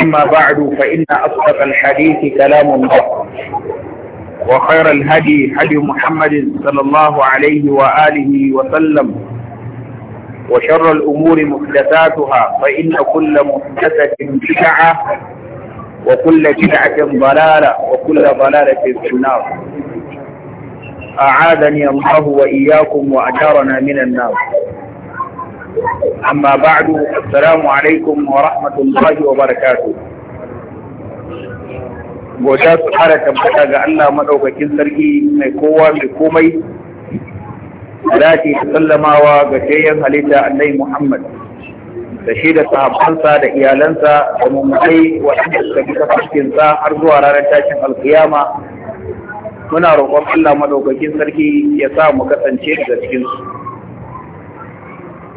أما بعد فإن أصدق الحديث كلام الله وخير الهدي هدي محمد صلى الله عليه وآله وسلم وشر الأمور محدثاتها فإن كل محدثة بدعة وكل بدعة ضلالة وكل ضلالة في النار أعاذني الله وإياكم وأجارنا من النار أما بعد السلام عليكم ورحمة الله وبركاته godiya su fara tabbata ga Allah maɗaukakin sarki mai kowa mai komai dace ta sallamawa ga shayyan halitta annai Muhammad da shi da sahabbansa da iyalansa da mummukai waɗanda suka bi har zuwa ranar tashin alkiyama muna roƙon Allah maɗaukakin sarki ya sa mu kasance daga cikinsu.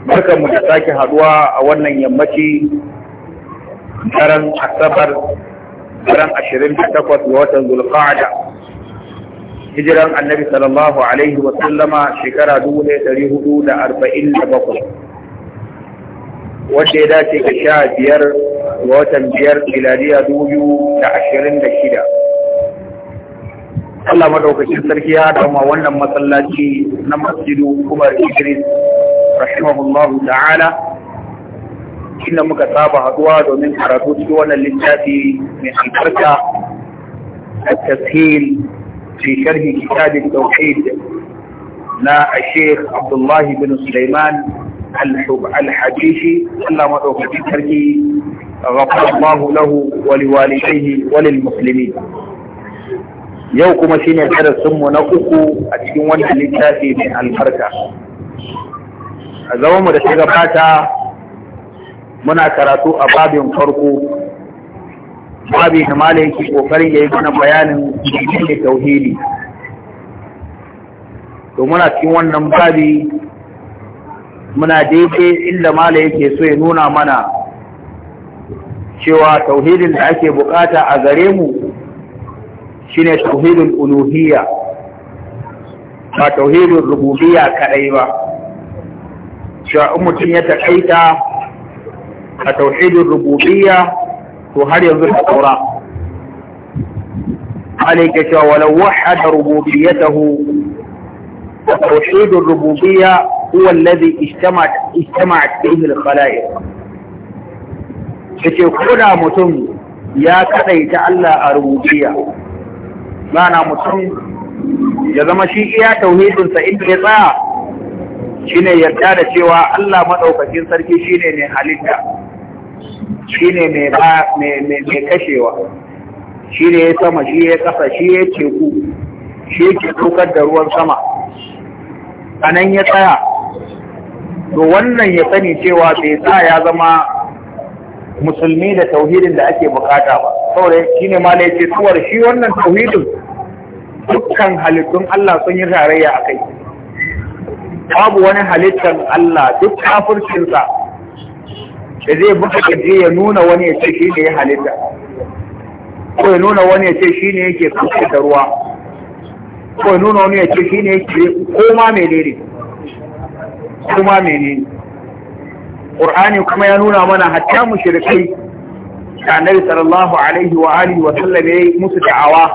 barkanmu da sake haduwa a wannan yammaci daren asabar daren ashirin da takwas ga watan zulqa'ada hijiran annabi sallallahu alaihi wa sallama shekara dubu ɗaya ɗari hudu da arba'in da bakwai wanda ya dace ga sha biyar ga watan biyar miladiya dubu biyu da ashirin da shida Allah madaukakin sarki ya dama ma wannan masallaci na masjidu Umar Idris rahimahullahu ta'ala inda muka saba haduwa domin karatu cikin wannan littafi mai albarka التسهيل في شرح كتاب التوحيد لا الشيخ عبد الله بن سليمان الحجيشي الله مدعوك في شرحه غفر الله له ولوالديه وللمسلمين يوكم شين الحرس ثم نقوك أتكون للتافي من البركة a mu da ta gabata muna karatu a babin farko babi da mala yake kokarin ya yi mana bayanin da tauhidi to muna cikin wannan babi muna daidai inda mala yake so ya nuna mana cewa tauhidin da ake bukata a gare mu shine tauhidul uluhiyya ba tauhidul rububiya kadai ba cewa in mutum ya taƙaita a tauhidin rububiyya to har yanzu ta saura alaika cewa walau wahada rububiyyatahu توحيد الربوبية هو الذي اجتمعت اجتمعت فيه الخلائق kace koda mutum ya kadaita Allah a rububiyya mana mutum ya zama shi iya tauhidin sa inda ya tsaya shine yarda da cewa Allah madaukakin sarki shine mai halitta shine mai mai kashewa shine ya sama shi ya kasa shi ya teku shi ke tukar da ruwan sama anan ya tsaya to wannan ya sani cewa bai sa ya zama musulmi da tauhidin da ake bukata ba saboda shine ma ce tsawar shi wannan tauhidin dukkan halittun Allah sun yi tarayya a kai babu wani halittar Allah duk kafircinsa da zai buka kaje ya nuna wani ya ce shi ne ya halitta ko ya nuna wani ya ce shi ne yake kusa da ruwa ko ya nuna wani ya ce shi ne yake koma menene koma menene Qur'ani kuma ya nuna mana hatta mushrikai da Annabi sallallahu alaihi wa alihi wa sallam yayi musu da'awa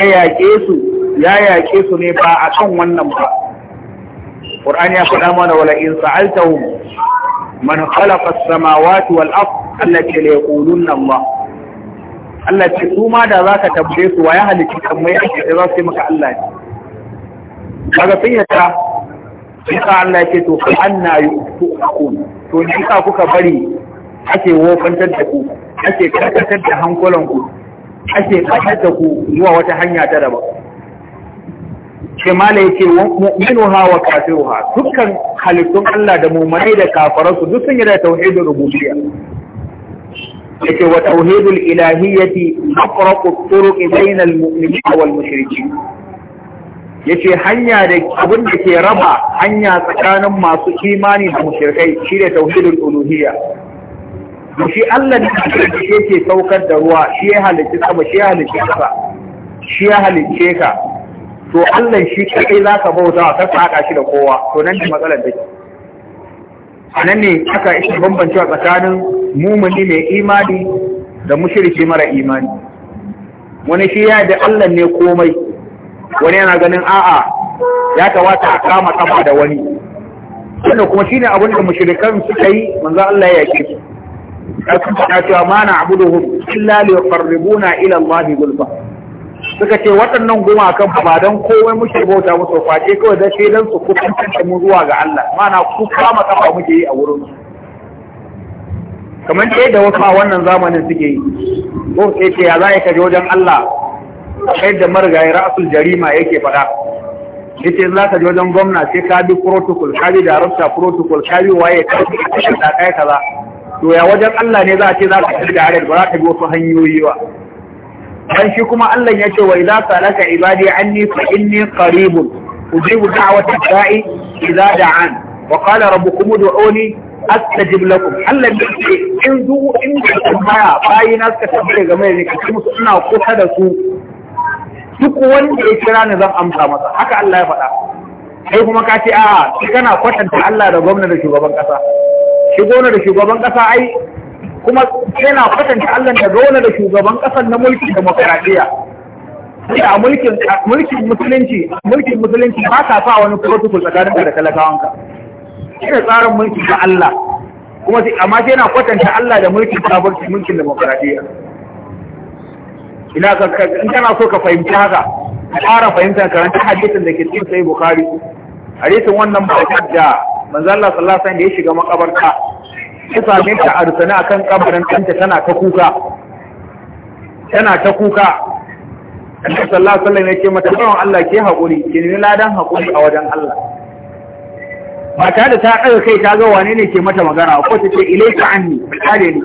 ya yaƙe su ya yaƙe su ne ba a kan wannan ba Qur'ani ya faɗa mana wala in sa'altahum man khalaqa as-samawati wal ard allati la yaquluna Allah Allah ce su ma da zaka tambaye su waye halitta kamar yake da za su yi maka Allah ne kaga sun yata sai ka Allah ya ce to fa anna yu'tukum to ni ka kuka bari ake wofantar da ku ake karkatar da hankulanku ake kasar da ku zuwa wata hanya ta daban shi mala yake mu'minuha wa kafiruha dukkan halittun Allah da mu'minai da kafaransu duk sun yi da tauhidul rububiyya yake wa tauhidul ilahiyyati aqraqu turuq bainal mu'minina wal mushrikin yace hanya da abin da ke raba hanya tsakanin masu imani da mushrikai shi da tauhidul uluhiyya shi Allah ne shi yake saukar da ruwa shi ya halicci sama shi ya halicci kasa shi ya halicce ka to Allah shi kai za ka bauta ka haɗa shi da kowa to nan ne matsalar take nan ne aka bambanci a tsakanin mumuni mai imani da mushriki mara imani wani shi ya da Allah ne komai wani yana ganin a'a ya kamata a kama kafa da wani wanda kuma ne abin da mushrikan suka yi manzo Allah ya yake su ya kuma cewa ma na abuduhum illa liqarribuna ila Allah zulfa suka ce waɗannan gumakan ba don komai muke bauta musu kwace kawai da don su kusan mu zuwa ga Allah mana kuka kama kafa muke yi a wurin su kamar da wasu a wannan zamanin suke yi ko sai ce ya za ka je wajen Allah kai da marigayi ra'asul jarima yake faɗa ce za ka je wajen gwamna sai ka bi protocol ka bi darabta protocol ka bi waye ka bi kaza kaza to ya wajen Allah ne za a ce za ka bi da ba za ka bi wasu hanyoyi ba dan shi kuma Allah ya ce wa idza salaka ibadi anni fa inni qaribun ujibu da'wata da'i idza da'an wa qala rabbukum ud'uni astajib lakum Allah ya ce in zu in ka bayi na suka tambaye game da kake musu ina kusa da su duk wanda ya kira ni zan amsa masa haka Allah ya faɗa kai kuma ka ce a kana kwatanta Allah da gwamnati da shugaban kasa shi gwamnati da shugaban kasa ai kuma yana kwatanta Allah da zaune da shugaban kasar na mulkin Sai a mulkin mulkin musulunci mulkin musulunci ba ka sa wani protocol tsakanin da talakawanka shi tsarin mulki ga Allah kuma sai amma sai yana kwatanta Allah da mulkin kafirci mulkin demokaradiyya ina ka in kana so ka fahimci haka ka fara fahimta karanta hadisin da ke cikin sai bukhari hadisin wannan ba da manzo Allah sallallahu alaihi wasallam da ya shiga makabarta ya same ta a rusana akan kabarin ɗanta tana ta kuka tana ta kuka annabi sallallahu alaihi wasallam yake mata tsawon Allah ke haƙuri ki nemi ladan haƙuri a wajen Allah Mata da ta ɗaga kai ta ga wane ne ke mata magana ko ta ce ilaika anni alhali ne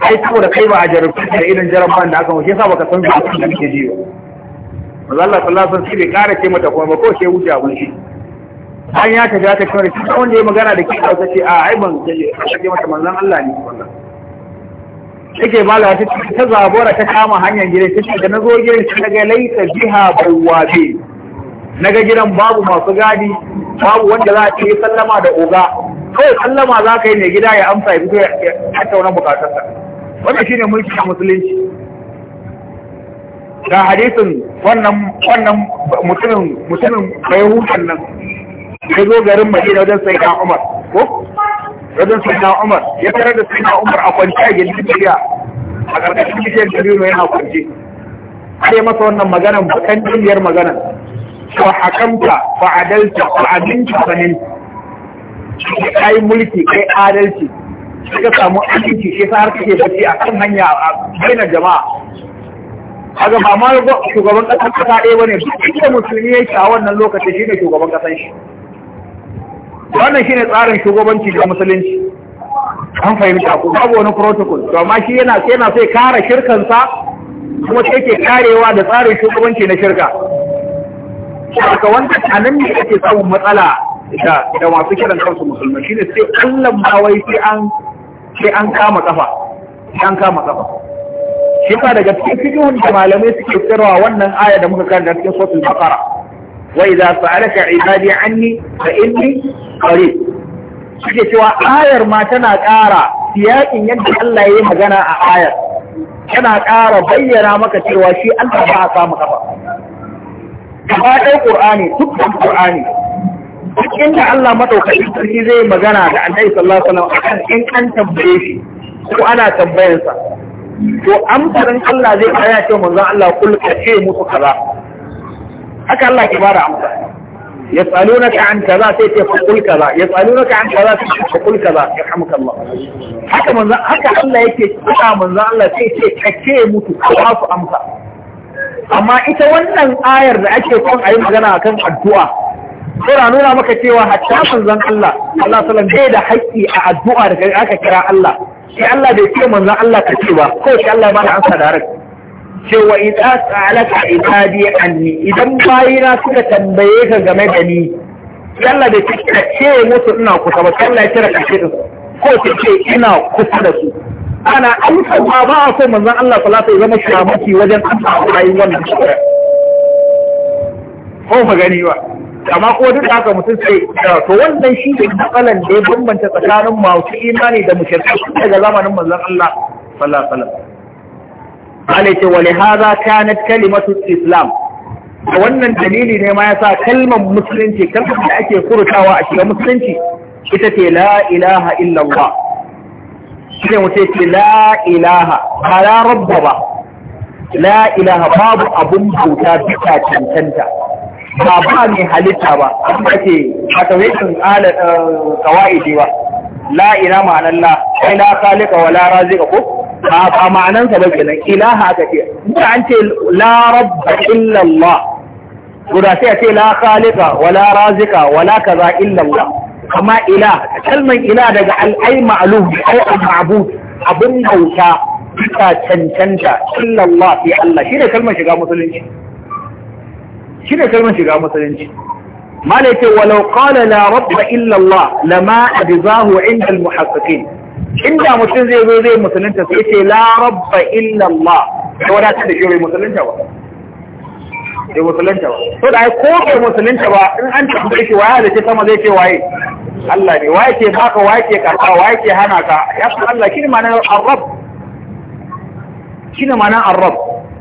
ai da kai ba a jarabta da irin jaraban da aka mu shi yasa baka san abin da kake ji ba Allah sallallahu alaihi wasallam sai bai ƙara ke mata kuma ba ko sai wuce abun shi an ya ta ta kawai shi wanda ya magana da ke kauta ce a ai da gaje a mata manzan Allah ne wannan yake mala ta ta zabora ta kama hanyar gidan ta da na zo gidan ta ga laita biha bawabe ga gidan babu masu gadi babu wanda za a ce sallama da oga kawai sallama za ka yi mai gida ya amsa ya fito ya tattauna bukatarsa wannan shine mulki a musulunci ga hadisin wannan mutumin mutumin bayan nan ya zo garin madina wajen sai na umar ko wajen sai na umar ya tare da sai na umar a kwanci a gindin shirya a ƙarƙashin bishiyar dabino yana kwanci sai masa wannan magana bakan jiliyar maganan fa hakamta fa adalta fa abinta sanin kai mulki kai adalci suka samu aminci shi sa har kake bacci a kan hanya a bainar jama'a A ba ma shugaban ƙasar kasa ɗaya ne duk da musulmi ya yi a wannan lokacin shine shugaban ƙasar shi wannan shi ne tsarin shugabanci da musulunci an fahimta ku babu wani protocol to amma shi yana yana sai kare shirkansa kuma sai ke karewa da tsarin shugabanci na shirka shaka wanda anan ne yake samun matsala da da masu kiran kansu musulmai shine sai Allah ba wai sai an sai an kama kafa sai an kama kafa shi ba daga cikin fikihun da malamai suke fitarwa wannan aya da muka karanta cikin suratul baqara وإذا فعلك عبادي عني فإني قريب suke cewa ayar ma tana ƙara siyaƙin yadda Allah ya yi magana a ayar tana ƙara bayyana maka cewa shi Allah ba a samu kafa gaba ɗaya ƙur'ani dukkan ƙur'ani duk inda Allah maɗaukaki sarki zai magana da annabi sallallahu wasallam akan in an tambaye shi ko ana tambayarsa to amsarin Allah zai kaya ce manzon Allah kulka ce musu kaza haka Allah ke bada amsa ya yas'alunaka an kaza sai ce fa kul kaza yas'alunaka an kaza sai ce fa kul kaza yarhamuka Allah haka manzo haka Allah yake kira manzo Allah sai ce kace mutu ba su amsa amma ita wannan ayar da ake son a yi magana akan addu'a Sura nuna maka cewa hatta manzon Allah Allah sallallahu alaihi da haƙƙi a addu'a da aka kira Allah sai Allah bai ce manzan Allah ka kace ba ko sai Allah ya bada amsa da haraka cewa idan tsalaka ibadi anni idan bayina suka tambaye ka game da ni yalla da kika ce musu ina kusa ba kalla ya kira kashe su ko ki ce ina kusa da su ana amsa ba ba a so manzon Allah sallallahu alaihi ya shamaki wajen amsa yi wannan shukran ko ba gani ba amma ko duk haka mutum sai to wannan shi ne matsalan da ya bambanta tsakanin masu imani da mushrikai daga zamanin manzon Allah sallallahu alaihi wasallam Allah wale haza kanat kalimatu islam a wannan dalili ne ma yasa kalmar musulunci kalmar da ake furtawa a shiga musulunci ita ce la ilaha illallah shi mu ce la ilaha ba la rabba ba la ilaha babu abun bauta bisa cancanta ba ba mai halitta ba abin da ke a tawaitin kawai ba la ina ma'anar la kai la kalika wa la razika ko ba ba ma'anansa ba kenan ilaha ka ce duka an ce la rabba illallah. Allah guda sai a ce la khaliqa wala razika wala kaza illallah. Allah amma ila kalman ila daga al'ai ma'lum ai al-ma'bud abun bauta ta cancanta illallah fi Allah Shi ne kalmar shiga musulunci shine kalmar shiga musulunci malaka walau qala la rabba illallah, lama adzahu 'inda al-muhaqqiqin inda mutum zai zo zai musulunta sai ce la rabba illa Allah sai wadatar da shi musulunta ba bai musulunta ba to da ko ke musulunta ba in an tambaye shi waye da ke sama zai ce waye Allah ne waye ke baka waye ke karba waye ke hana ka ya san Allah kin ma nan arab kin ma nan arab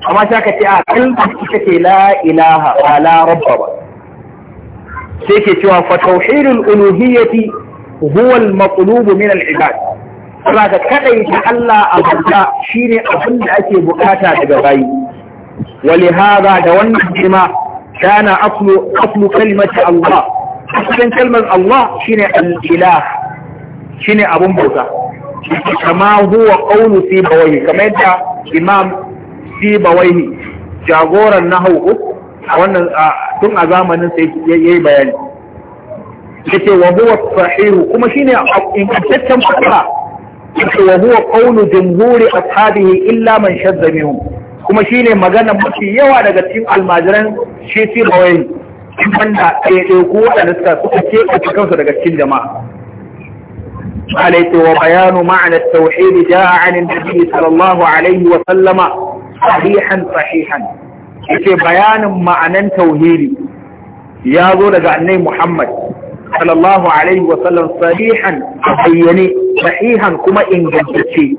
amma sai ka ce a kin ka ce la ilaha wa la rabba ba sai ke cewa fa tauhidul uluhiyyati huwa al-matlub min al-ibad Suna ka kaɗaita Allah a bauta shine abin da ake bukata daga bayi. Wali haza da wannan jima kana aslu kalimata Allah. Asalin kalmar Allah shine ne al'ilah shi ne abin bauta. Kama huwa ƙaunu sibawai kamar yadda imam sibawai jagoran na wannan tun a zamanin sai ya bayani. Yake wa huwa sahihu kuma shi ne ingantaccen fasaha wa huwa qawlu jumhuri illa man shadda kuma shine magana mafi yawa daga cikin almajiran shi fi bawai wanda ɗaiɗai ko waɗanda suka suka daga jama'a عليه وبيان معنى التوحيد جاء عن النبي صلى الله عليه وسلم صحيحا صحيحا yake bayanin ma'anan tauhidi ya zo daga annai Muhammad sallallahu alaihi wa sallam sahihan bayyane sahihan kuma ingantacce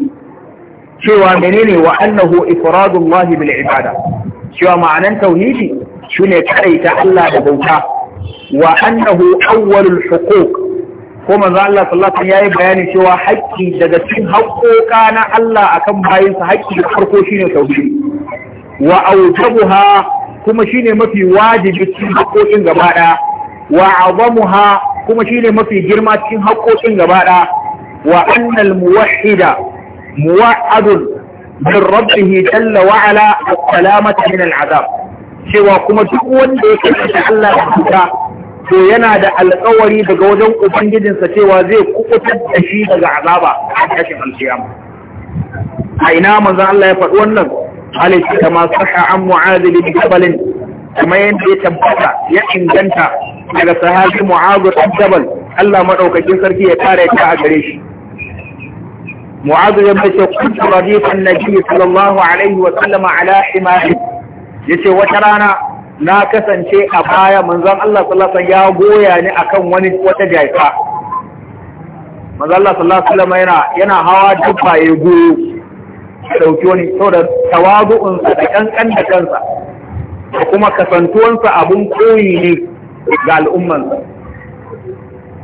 cewa menene wa annahu ifradullah bil ibada cewa ma'anan tauhidi shine karaita Allah da bauta wa annahu awwalul huquq ko manzo Allah sallallahu alaihi yayi bayani cewa haƙƙi daga cikin haƙƙoƙa na Allah akan bayansa haƙƙi da farko shine tauhidi wa awjabuha kuma shine mafi wajibi cikin haƙƙoƙin gaba ɗaya wa azamuha kuma shine mafi girma cikin haƙƙoƙin gaba وأن الموحد موعد من ربه جل وعلا السلامة من العذاب cewa kuma duk wanda ya kashe Allah da cuta to yana da alkawari daga wajen ubangijinsa cewa zai kukutar da shi daga azaba a kashin alkiyama a ina manzon Allah ya faɗi wannan alaihi kama sahha an mu'adh bin jabal kamar yadda ya tabbata ya inganta daga sahabi mu'adh bin Allah maɗaukakin sarki ya kare ta a gare shi mu'azu ya bace kuntu radifan nabi sallallahu alaihi wa sallama ala ya ce wata rana na kasance a baya manzan Allah sallallahu alaihi ya goya ni akan wani wata jaifa manzon Allah sallallahu alaihi wa yana yana hawa dabba ya goyo dauki wani saboda tawazu'un sa da kankan da kansa da kuma kasantuwansa abin koyi ne ga al'ummansa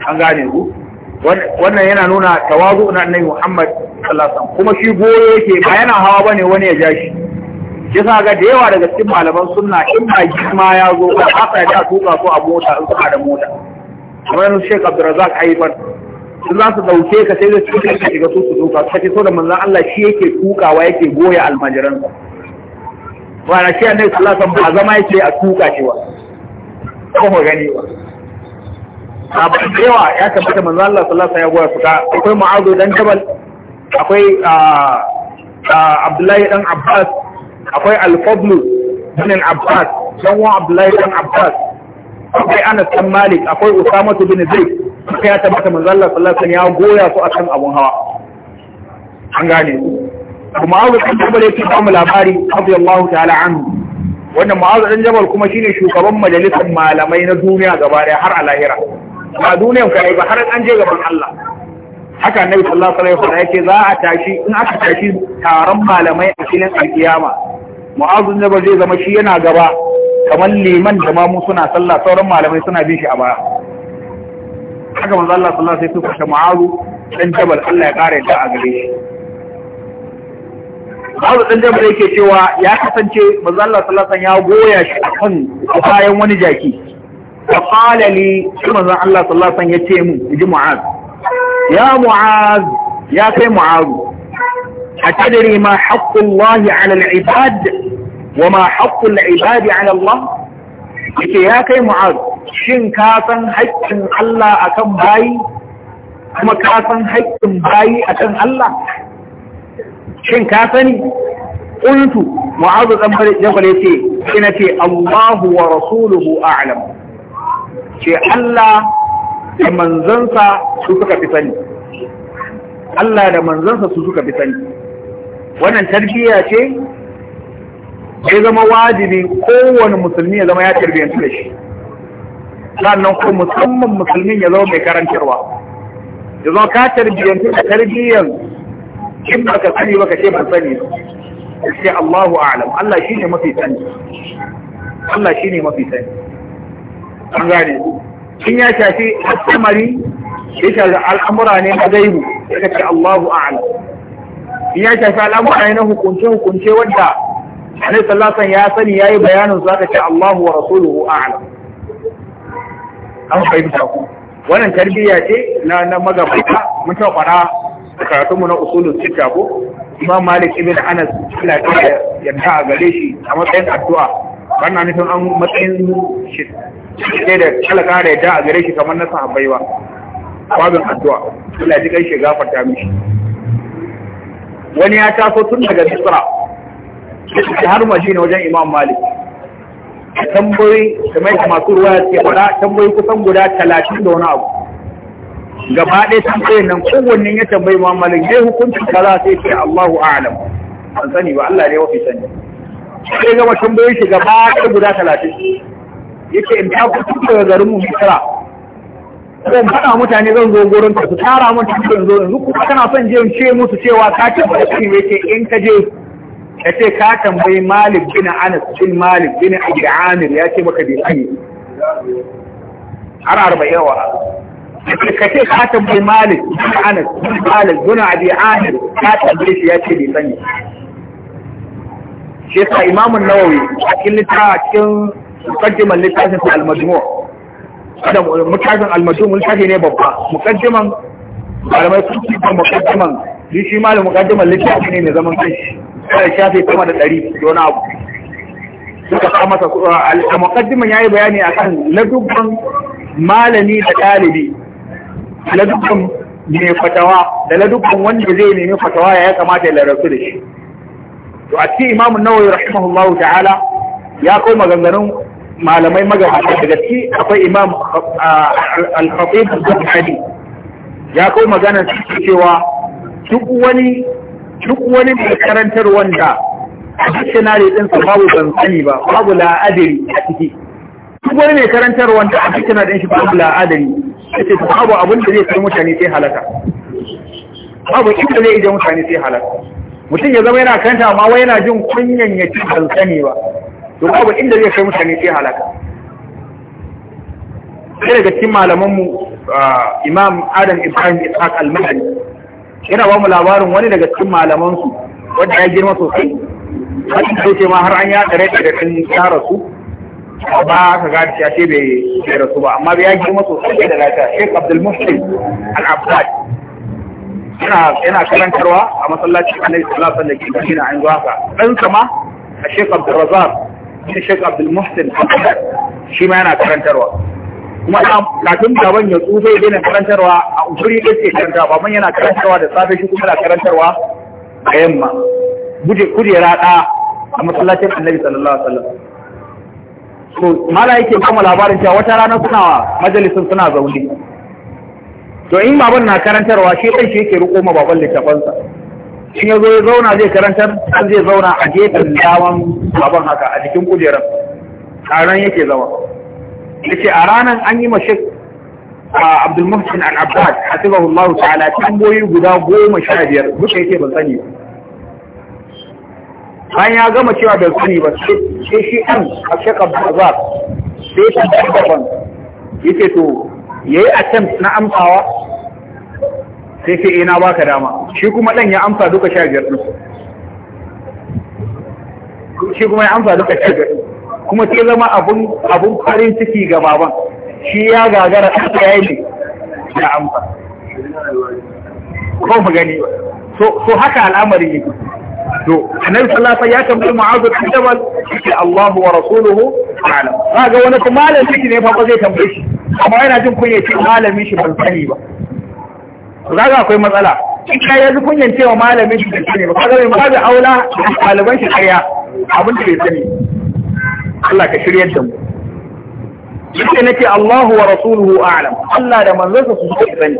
an gane ku wannan yana nuna tawazu na annabi Muhammad sallallahu alaihi wasallam kuma shi goyo yake ba yana hawa bane wani ya jashi yasa ga da yawa daga cikin malaman sunna in ba girma ya zo ba haka da tuka ko a mota in suka da mota kamar yanzu Sheikh Abdurrazzaq Aiban sun za su dauke ka sai da cikin ka shiga su su tuka sai so da manzon Allah shi yake tukawa yake goya almajiransa Ba na shi annabi sallallahu alaihi wasallam ba zama yake a tuka shi ba ko gani ba da yawa ya tabbata manzo Allah sallallahu alaihi wasallam ya goya su ka akwai Mu'adh dan Jabal akwai ah, ah, Abdullahi dan Abbas akwai Al-Fadl bin Abbas dan wa Abdullahi dan Abbas akwai Anas dan Malik akwai Usama bin Zaid Akwai ya tabbata manzo Allah sallallahu alaihi wasallam ya goya su akan abun hawa an gane kuma Mu'adh dan Jabal yake ba mu labari radiyallahu ta'ala anhu wannan ma'azu dan jabal kuma shine shugaban majalisar malamai na duniya gaba daya har a lahira ba duniyan ka ba har an je gaban Allah haka annabi sallallahu alaihi wasallam yake za a tashi in aka tashi taron malamai a filin alkiyama mu'azu ne ba zai zama shi yana gaba kamar liman da mamu suna sallah sauran malamai suna bin shi a baya haka manzo Allah sallallahu alaihi wasallam sai su mu'azu dan jabal Allah ya kare da a gare shi Mu'azu dan jabal yake cewa ya kasance manzo Allah sallallahu alaihi wasallam ya goya shi a kan bayan wani jaki فقال لي كما ان الله صلى الله عليه وسلم يجي معاذ يا معاذ يا كي معاذ أتدري ما حق الله على العباد وما حق العباد على الله يجي يا كي معاذ شن كاسا حق الله أكم باي كما كاسا حق باي أكم الله شن كاسني قلت معاذ الأنبري يقول يتي الله ورسوله أعلم ce Allah da manzansa su suka fi sani Allah da manzansa su suka fi sani wannan tarbiyya ce ya zama wajibi kowane musulmi ya zama ya tarbiyyantu da shi sannan ko musamman musulmin ya zama mai karantarwa ya zama ka tarbiyyantu da tarbiyyan in ba ka sani baka ce ban sani sai Allahu a'lam Allah shine mafi sani Allah shine mafi sani an gane in ya shafi al'amari ya shafi al'amura ne na gairu ya ce Allahu a'lam in ya shafi al'amura ne na hukunce hukunce wanda Annabi sallallahu alaihi ya sani yayi bayanin su aka ce Allahu wa rasuluhu a'lam an fahimta ku wannan tarbiyya ce na na magabata mun ta fara mu na usulun sita ko Imam Malik ibn Anas Allah ya yarda a gare shi a matsayin addu'a wannan nufin an matsayin shi sai da talaka da yadda a gare shi kamar na sahabbai ba babin addu'a Allah ji kai shi gafarta mishi wani ya taso tun daga Misra shi har ne wajen Imam Malik tambayi kamar da masu ruwa ke faɗa tambayi kusan guda talatin da wani abu gaba ɗaya tambayin nan kowanne ya tambayi Imam Malik ne hukuncin kaza sai ce Allahu a'alam an sani ba Allah ne wafi sani sai gama tambayoyin shi gaba ɗaya guda talatin yake in ta kusa daga garin mu misira zan faɗa mutane zan zo gurin ka su tara mun kusa zo yanzu kuma kana son je ce musu cewa ka ba shi ne yake in ka je ka ce ka tambayi Malik bin Anas bin Malik bin Abi Amir ya ce maka bai sani har arba'in wa ka ce ka tambayi Malik bin Anas bin Malik bin Abi Amir ka tambaye shi ya ce bai sani shi yasa imamun nawawi a cikin a cikin mukaddiman littafin al da mutazin al littafi ne babba mukaddiman malamai sun ci ba mukaddiman shi shi malam mukaddiman littafi ne mai zaman kanshi kada shafi sama da ɗari da wani abu suka sa masa a mukaddiman yi bayani akan ladubban malami da dalibi ladubban mai fatawa da ladubban wanda zai nemi fatawa ya kamata ya larasu da shi to a cikin imamu nawawi rahimahullahu ta'ala ya kai maganganun malamai magabata daga ci akwai imam ah, al-khatib al-bukhari ya kai maganar cewa duk wani duk wani mai karantar wanda a dictionary din sa babu ban sani ba babu la'adari a ciki duk wani mai karantar wanda a dictionary din shi babu la'adari yace babu abin da zai kai mutane sai halaka babu da zai ije mutane sai halaka mutum ya zama yana kanta amma wai yana jin kunyan ya ci ban ba to babu inda zai kai mutane sai halaka sai daga cikin malamanmu imam adam ibrahim ishaq al-mahdi yana ba mu labarin wani daga cikin malamansu wanda ya girma sosai wani da yake ma har an ya tsare da kan tsara su ba ka ga ta ce bai rasu ba amma ya girma sosai da lafiya sheikh abdul al abdad yana karantarwa a masallaci a sallallahu alaihi da ke ainihin gwaka dan sama a sheik Abdul Razzaq shi Sheikh Abdul shi ma yana karantarwa kuma da kafin gaban ya tsufe yana karantarwa a usuri karanta ba, man yana karantarwa da safe shi kuma yana karantarwa a yamma guje kujera da a masallacin annabi sallallahu alaihi wasallam so mala yake kuma labarin cewa wata rana suna majalisin suna zaune to in baban na karantarwa shi kan shi yake riko ma baban littafansa shi ya zo ya zauna zai karantar an zai zauna a gefen dawan baban haka a cikin kujerar a ran yake zama yace a ranar an yi mashi a Abdul Muhsin Al-Abbas hasibahullahu ta'ala tamboyi guda goma sha biyar duka yake ban sani ba bayan ya gama cewa bai sani ba sai shi an a shaka bazar sai ta tabbaban yake to yayi attempt na amsawa sai sai ina eh, baka dama shi kuma ɗan ya amsa duka sha biyar ɗin shi kuma ya amsa duka sha biyar kuma sai zama abun farin ciki ga baban shi ya gagara ɗansa ya yi ne ya amsa ko mu gani so haka al'amarin yake to annabi sallallahu alaihi wasallam ya tambayi mu'adh bin jabal shi Allah wa rasuluhu a'lam kaga wani kuma malami ne fa ba zai tambaye shi amma yana jin kunya ce malamin shi ban sani ba ku kaga akwai matsala kika ya zu kunyan cewa malamin shi da sani ba kaga mai da aula ɗaliban shi kariya abin da ya sani Allah ka shirya da mu yake nake Allahu wa rasuluhu a'lam Allah da manzansa su suka sani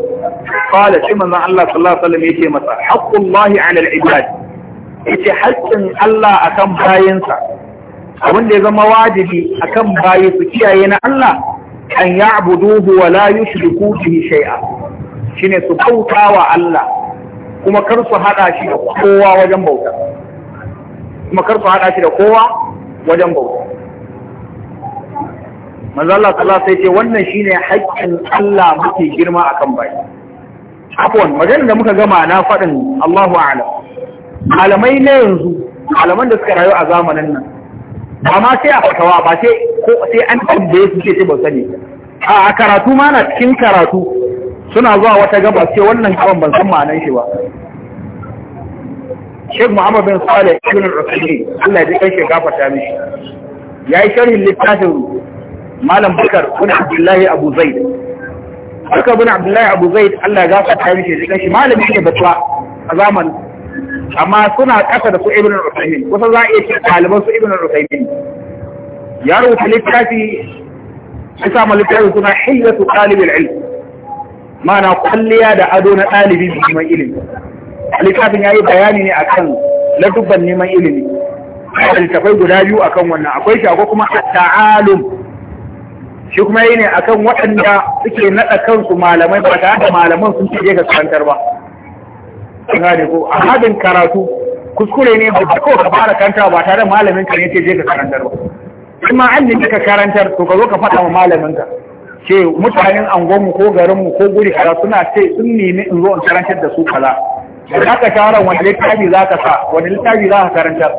qala shi manzon Allah sallallahu alaihi wasallam yake masa haqqullahi 'ala al-ibad yace haƙƙin Allah akan bayinsa abin da ya zama wajibi akan bayi su kiyaye na Allah an ya'buduhu wa la yushriku bihi shay'a shine su bauta wa Allah kuma kar su hada shi da kowa wajen bauta kuma kar su hada shi da kowa wajen bauta manzo Allah sallallahu alaihi wasallam wannan shine haƙƙin Allah muke girma akan bai afwan maganar da muka gama na faɗin Allahu a'lam malamai na yanzu malaman da suka rayu a zamanin nan amma sai a fatawa ba sai ko sai an tambaye su ce ba sani a karatu ma na cikin karatu suna zuwa wata gaba ce wannan gaban ban san ma'anar shi ba Sheikh Muhammad bin Saleh ibn al-Usaini Allah ya kai shi gafarta mishi yayi sharhin littafin Malam Bakar ibn Abdullahi Abu Zaid Bakar ibn Abdullahi Abu Zaid Allah ya gafarta mishi ya kai shi malami ne batwa a zaman amma suna kasa da su ibn al-Usaini kusan za a iya ce ɗaliban su ibn al-Usaini ya rubuta littafi isa samu littafi suna hiyyatu talibul ilm mana kwalliya da ado na ɗalibi neman ilimi Alikafin ya yi bayani ne akan ladubban neman ilimi littafai guda biyu a kan wannan akwai shi akwai kuma ta'alum shi kuma yi ne akan waɗanda suke naɗa kansu malamai ba tare da malaman sun ce ga karantar ba ne ko a haɗin karatu kuskure ne ba ko ka fara karanta ba tare malamin ka ne ce je ka karantar ba kuma an ne ka karantar to ka zo ka faɗa wa malamin ka ce mutanen angonmu ko garinmu ko guri kaza suna ce sun nemi in zo in karantar da su kaza da za ka shawara wani littafi za ka sa wani littafi za ka karantar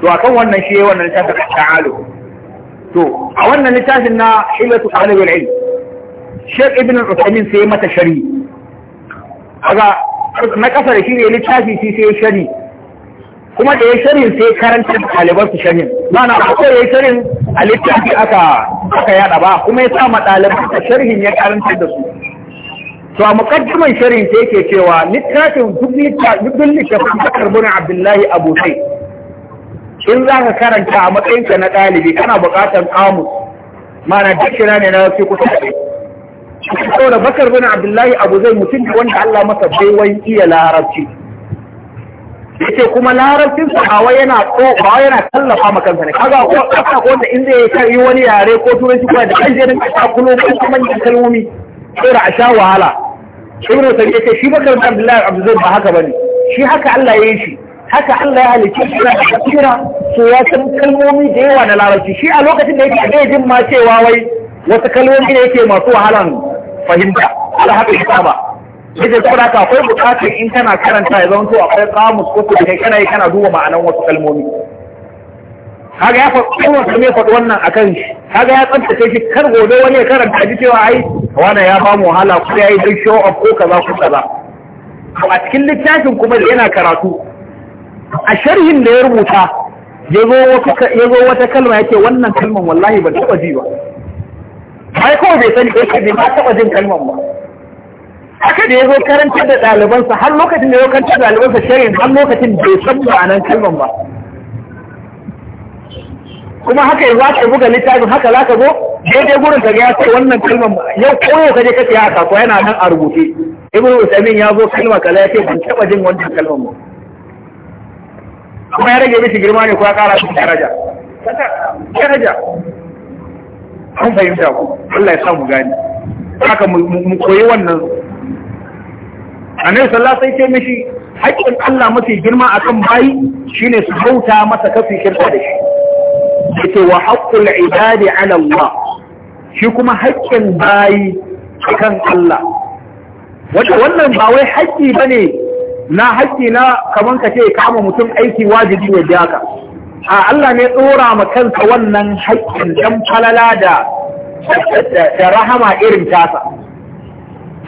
to a kan wannan shi wannan littafin da ta'alu to a wannan littafin na shilatu talibul ilm shek Ibn Uthaymeen sai mata shari kaga na kasar shi ne littafi shi sai shari kuma da ya shari sai karantar da ɗaliban su shari na akwai ya shari a littafi aka aka yada ba kuma ya sa ɗaliban da sharhin ya karanta da su to a muqaddiman sharhin ta yake cewa littafin duk littafin ta karbuna abdullahi abu sai in za ka karanta a matsayinka na ɗalibi kana buƙatar kamus mana dukkan ne na wasu kusa da bakar bin abdullahi abu zai mutum wanda Allah masa baiwai iya larabci yace kuma larabcin sahawa yana ko ba yana tallafa ma kansa ne kaga ko kafa ko wanda in zai yi wani yare ko turanci ko da kan jerin ka kulo ko kuma yin kalmomi sai a sha wahala ibnu sabi yace shi bakar abdullahi Abdullahi ba haka bane shi haka Allah ya yi shi haka Allah ya halicce shi da kira so ya san kalmomi da yawa na larabci shi a lokacin da yake bai jin ma cewa wai wasu kalmomi ne yake masu wahalan fahimta alhaka ba Yake saboda haka akwai bukatar in kana karanta ya zanto akwai kamus ko ku kai kana yi kana duba ma'anan wasu kalmomi. Kaga ya faɗi kuma su ne faɗi wannan a kan shi. Kaga ya tsabtace shi kar gobe wani ya karanta ji cewa ai wannan ya bamu wahala ko ya yi duk show up ko kaza ko kaza. To A cikin littafin kuma da yana karatu. A sharhin da ya rubuta ya zo wata kalma yake wannan kalman wallahi ban taɓa ji ba. Ai kawai bai sani ko bai ma taɓa jin kalman ba. aka da ya zo karantar da ɗalibansa har lokacin da ya karantar da ɗalibansa shirin har lokacin bai san ma'anan kalman ba kuma haka yanzu aka buga littafin haka za ka zo daidai gurin ka ya ce wannan kalman yau koyo ka je ka siya haka ko yana nan a rubuce ibn usamin ya zo kalma kala ya ce ban taɓa jin wannan kalman ba kuma ya rage mishi girma ne ko ya kara shi daraja daraja an fahimta ku Allah ya sa mu gani haka mu koyi wannan annabi sallallahu alaihi wasallam sai ce mishi haƙƙin Allah mafi girma akan bayi shine su bauta masa kafin shirka da shi yake wa haqqul ibadi ala Allah shi kuma haƙƙin bayi akan Allah wannan ba wai haƙƙi bane na haƙƙi na kaman ka ce kama mutum aiki wajibi ya ji haka a Allah ne tsora ma kansa wannan haƙƙin dan falala da da rahama irin tasa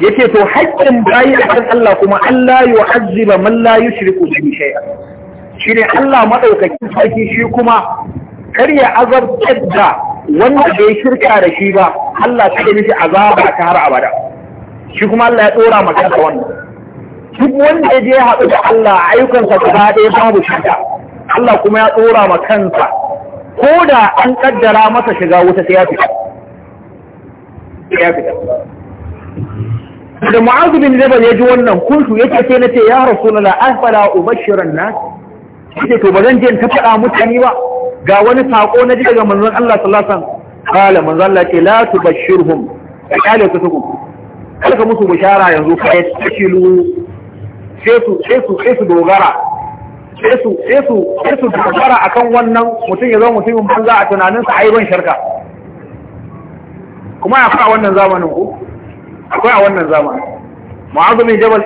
yace to haƙƙin bayi akan Allah kuma Allah yu'azziba man la yushriku bihi shay'an shine Allah madaukakin sarki shi kuma kar ya azabtar da wanda bai shirka da shi ba Allah ta mishi azaba ta har abada shi kuma Allah ya dora maka da wannan duk wanda ya je haɗu da Allah ayyukansa gaba ɗaya babu shirka Allah kuma ya dora ma kansa ko da an kaddara masa shiga wuta sai ya fita sai ya fita da mu'azu bin jabal ya ji wannan kuntu yake sai nace ya rasulullah afala ubashiran nas yake to bazan je ta faɗa mutane ba ga wani sako na ji daga manzon Allah sallallahu alaihi wasallam qala manzon Allah ce la tubashirhum kale ku tuku kala musu bishara yanzu fa yashilu sai su sai su sai su dogara sai su sai su sai su dogara akan wannan mutum ya zama mutumin banza a tunaninsa ai ban sharka kuma ya fara wannan zamanin ku akwai a wannan zamani mu'azumin jabal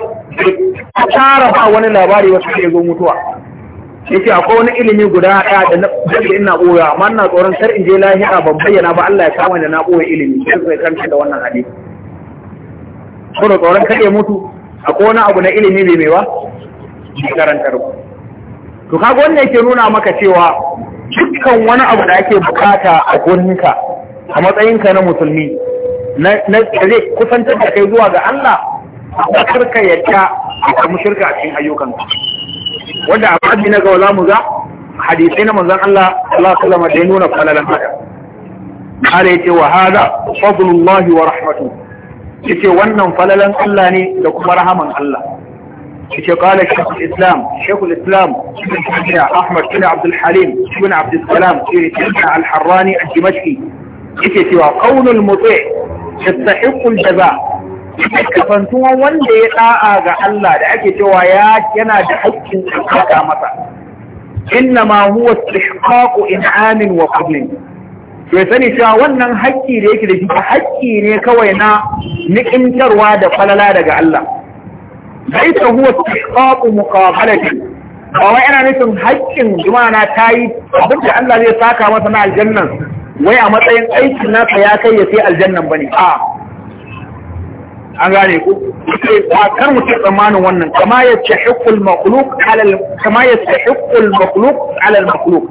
ta tara ba wani labari wasu ke zo mutuwa yake akwai wani ilimi guda ɗaya da na ina ɓoya amma ina tsoron kar in je lahira ban bayyana ba Allah ya kama da na ɓoye ilimi sai zai karshe da wannan hadisi saboda tsoron kar ya mutu akwai wani abu na ilimi bai mai ba bai karanta ba to kaga wannan yake nuna maka cewa dukkan wani abu da ake bukata a gonninka a matsayinka na musulmi na zai kusantar da kai zuwa ga Allah da karka yadda ka mushirka a cikin ayyukan wanda a fadi na gaula mu ga hadisai na manzon Allah sallallahu alaihi da nuna falalan haka kare ce wa hada fadlullahi wa rahmatuhu yace wannan falalan Allah ne da kuma rahaman Allah yace qala shaykh islam shaykh islam Ahmad ibn Abd al-Halim ibn Abd al-Salam ibn al-Harrani al-Dimashqi yace cewa qaulul muti' yastahiqul jaza kafantuwa wanda ya da'a ga Allah da ake cewa ya yana da haƙƙin tsaka masa inna ma huwa istihqaqu in'amin wa fadlin to sani cewa wannan haƙƙi da yake da shi haƙƙi ne kawai na ni'imtarwa da falala daga Allah laita huwa istihqaqu muqabalati ba wai ana nufin haƙƙin jumana tayi abin da Allah zai saka masa na aljannan wai a matsayin aikin nasa ya kai ya sai aljannan bane a an gane ku ba kar mu tsammanin wannan kama ya tahiqqul makhluq ala kama ya tahiqqul makhluq ala makhluq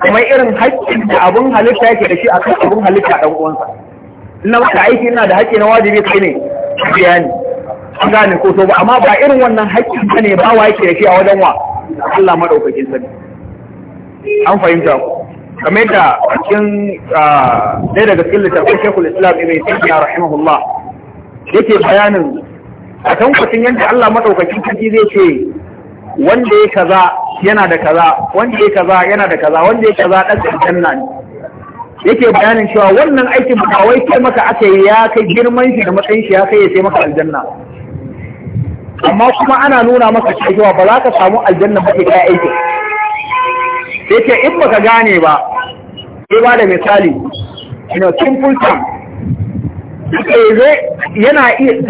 kamar irin haƙƙin da abun halitta yake da shi a kan abun halitta dan uwansa ina maka aiki ina da haƙƙi na wajibi kai ne bayani an gane ko to ba amma ba irin wannan haƙƙin ne ba wa yake da shi a wajen wa Allah madaukakin sani an fahimta ku game da cikin ɗaya daga cikin littattafan shekul islam ibn tafiya rahimahullah yake bayanin a tankwacin yadda allah maɗaukakin sarki zai ce wanda ya kaza yana da kaza wanda ya kaza yana da kaza wanda ya kaza ɗan aljanna nan yake bayanin cewa wannan aikin ba wai kai maka aka yi ya kai girman shi da matsayin shi ya kai ya sai maka aljanna amma kuma ana nuna maka cewa ba za ka samu aljanna ba sai kai aikin sai ce in baka gane ba sai ba da misali na know simple term yana iya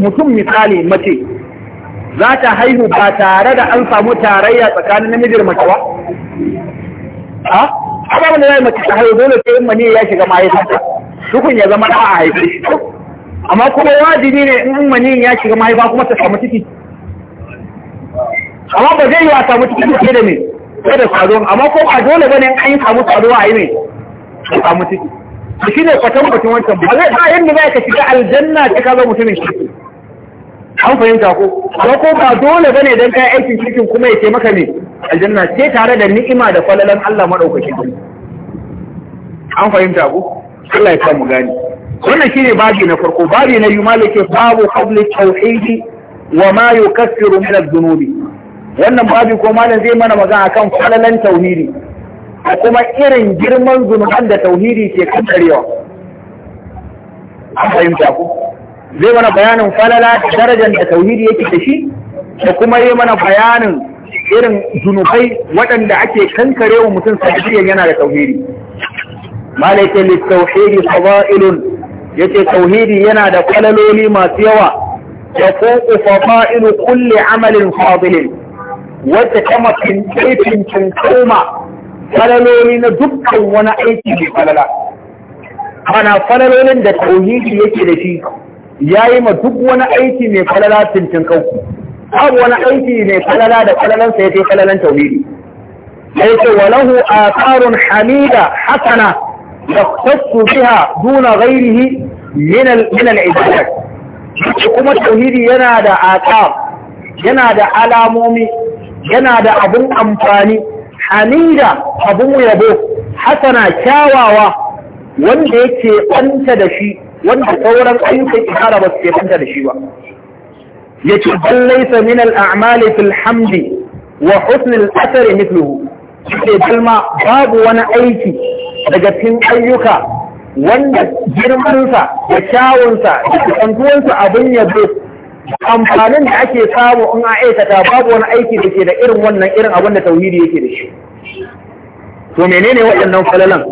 mutum misali mace za ta haihu ba tare da an samu tarayya tsakanin namijin mace ba a ababen da zai mace ta haihu dole sai mani ya shiga mahaifinta, dukun ya zama da a haifi amma kuma wajibi ne in mani ya shiga mahaifa kuma ta samu ciki amma ba zai yi a samu ciki sai da me kada kwazo amma ko ba dole bane an yi samu tsaro a yi ne a samu ciki to shi ne kwatan kwatan wancan ba zai ba yadda za ka shiga aljanna ta ka mutumin shi an fahimta ko amma ko ba dole bane dan kai aikin cikin kuma ya ce maka ne aljanna ce tare da ni'ima da falalan Allah madaukakin an fahimta ko Allah ya mu gani wannan shine babi na farko babi na biyu malike babu qabli tauhidi wa ma yukaffiru min adh-dhunubi wannan babi ko malam zai mana magana akan falalan tauhidi a kuma irin girman zunuban da tauhidi ke kankarewa a fahimta ku zai mana bayanin falala da darajar da tauhidi yake da shi da kuma yi mana bayanin irin zunubai waɗanda ake kankarewa mutum sanadiyyar yana da tauhidi malaikin littauhidi fada'ilun yace tauhidi yana da falaloli masu yawa ya fuku fada'ilu kulle amalin fadilin wadda ta mafi ɗaifincin koma falaloli na dukkan wani aiki mai falala mana falalolin da tauhidi yake da shi ya yi ma duk wani aiki mai falala tuntun kanku abu wani aiki mai falala da falalansa ya fi falalan tauhidi sai ce walahu tsarin hamida hasana yaqtasu biha duna ghairihi min min al-ibadat kuma tauhidi yana da aqab yana da alamomi yana da abun amfani hamida abun yabo hasana kyawawa wanda yake ɓanta da shi wanda sauran ayyukan ihara ba su ke ɓanta da shi ba yace bal laysa min al a'mali fil hamdi wa husn al athar mithluhu sai kalma babu wani aiki daga cikin ayyuka wanda girmansa da kyawunsa da kantuwansa abin yabo amfanin da ake samu in a aikata babu wani aiki da ke da irin wannan irin abin da tauhidi yake da shi to menene waɗannan falalan